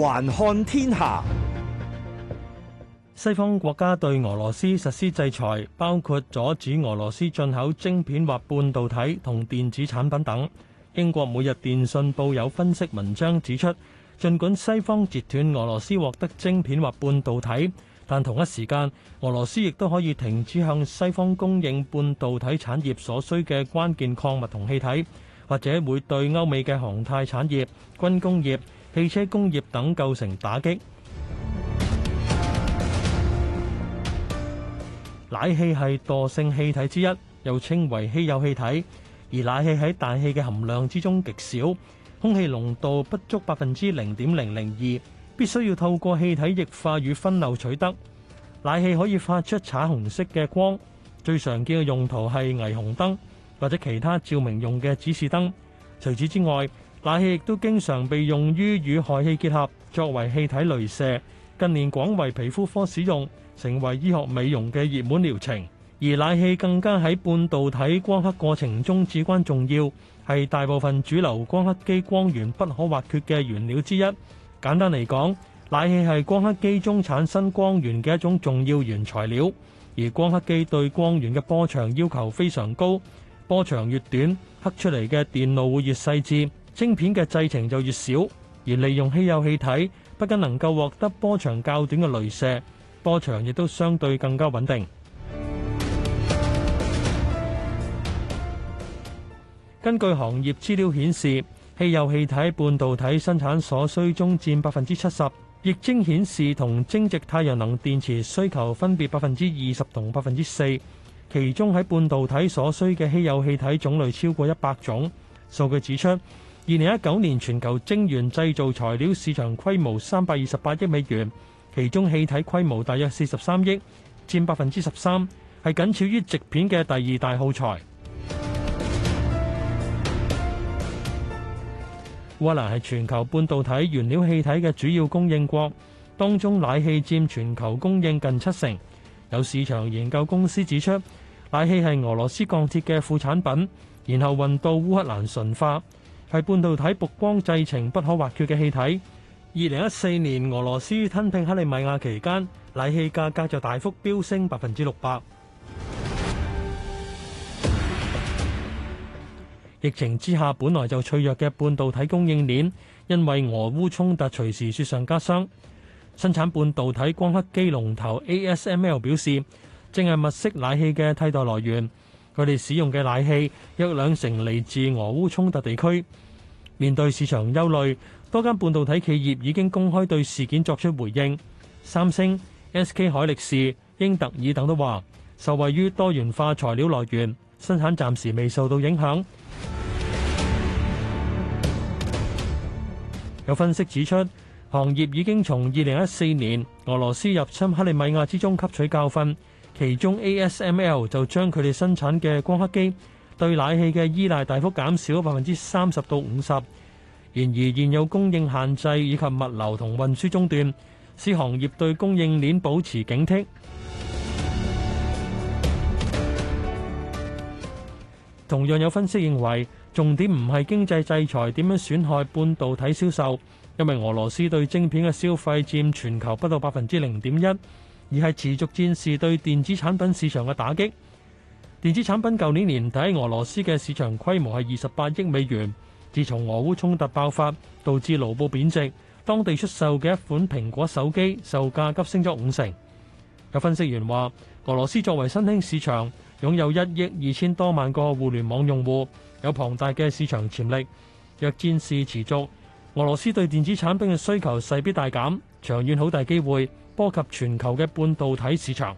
環看天下，西方國家對俄羅斯實施制裁，包括阻止俄羅斯進口晶片或半導體同電子產品等。英國每日電訊報有分析文章指出，儘管西方截斷俄羅斯獲得晶片或半導體，但同一時間，俄羅斯亦都可以停止向西方供應半導體產業所需嘅關鍵礦物同氣體，或者會對歐美嘅航太產業、軍工業、汽車工業等構成打擊。氖氣係惰性氣體之一，又稱為稀有氣體，而氖氣喺大氣嘅含量之中極少，空氣濃度不足百分之零點零零二，必須要透過氣體液化與分餾取得。氖氣可以發出橙紅色嘅光，最常見嘅用途係霓虹燈或者其他照明用嘅指示燈。除此之外，氖氣亦都經常被用於與氦氣結合，作為氣體雷射。近年廣為皮膚科使用，成為醫學美容嘅熱門療程。而氖氣更加喺半導體光刻過程中至關重要，係大部分主流光刻機光源不可或缺嘅原料之一。簡單嚟講，氖氣係光刻機中產生光源嘅一種重要原材料。而光刻機對光源嘅波長要求非常高。波長越短，刻出嚟嘅電路會越細緻，晶片嘅製程就越少。而利用稀有氣體，不僅能夠獲得波長較短嘅鐳射，波長亦都相對更加穩定。 根據行業資料顯示，稀有氣體半導體生產所需中占百分之七十，液晶顯示同晶直太陽能電池需求分別百分之二十同百分之四。其中喺半導體所需嘅稀有氣體種類超過一百種。數據指出，二零一九年全球晶圓製造材料市場規模三百二十八億美元，其中氣體規模大約四十三億，佔百分之十三，係僅次於晶片嘅第二大耗材。烏克蘭係全球半導體原料氣體嘅主要供應國，當中氖氣佔全球供應近七成。有市場研究公司指出。氖氣係俄羅斯鋼鐵嘅副產品，然後運到烏克蘭純化，係半導體曝光製程不可或缺嘅氣體。二零一四年俄羅斯吞併克里米亞期間，氖氣價格就大幅飆升百分之六百。疫情之下，本來就脆弱嘅半導體供應鏈，因為俄烏衝突隨時雪上加霜。生產半導體光刻機龍頭 ASML 表示。正係物色奶氣嘅替代來源。佢哋使用嘅奶氣約兩成嚟自俄烏衝突地區。面對市場憂慮，多間半導體企業已經公開對事件作出回應。三星、SK 海力士、英特爾等都話受惠於多元化材料來源，生產暫時未受到影響。有分析指出，行業已經從二零一四年俄羅斯入侵克里米亞之中吸取教訓。其中 ASML 就將佢哋生產嘅光刻機對氖氣嘅依賴大幅減少百分之三十到五十。然而，現有供應限制以及物流同運輸中斷，使行業對供應鏈保持警惕。同樣有分析認為，重點唔係經濟制裁點樣損害半導體銷售，因為俄羅斯對晶片嘅消費佔全球不到百分之零點一。而係持續戰事對電子產品市場嘅打擊。電子產品舊年年底，俄羅斯嘅市場規模係二十八億美元。自從俄烏衝突爆發，導致盧布貶值，當地出售嘅一款蘋果手機售價急升咗五成。有分析員話，俄羅斯作為新興市場，擁有一億二千多萬個互聯網用戶，有龐大嘅市場潛力。若戰事持續，俄羅斯對電子產品嘅需求勢必大減，長遠好大機會波及全球嘅半導體市場。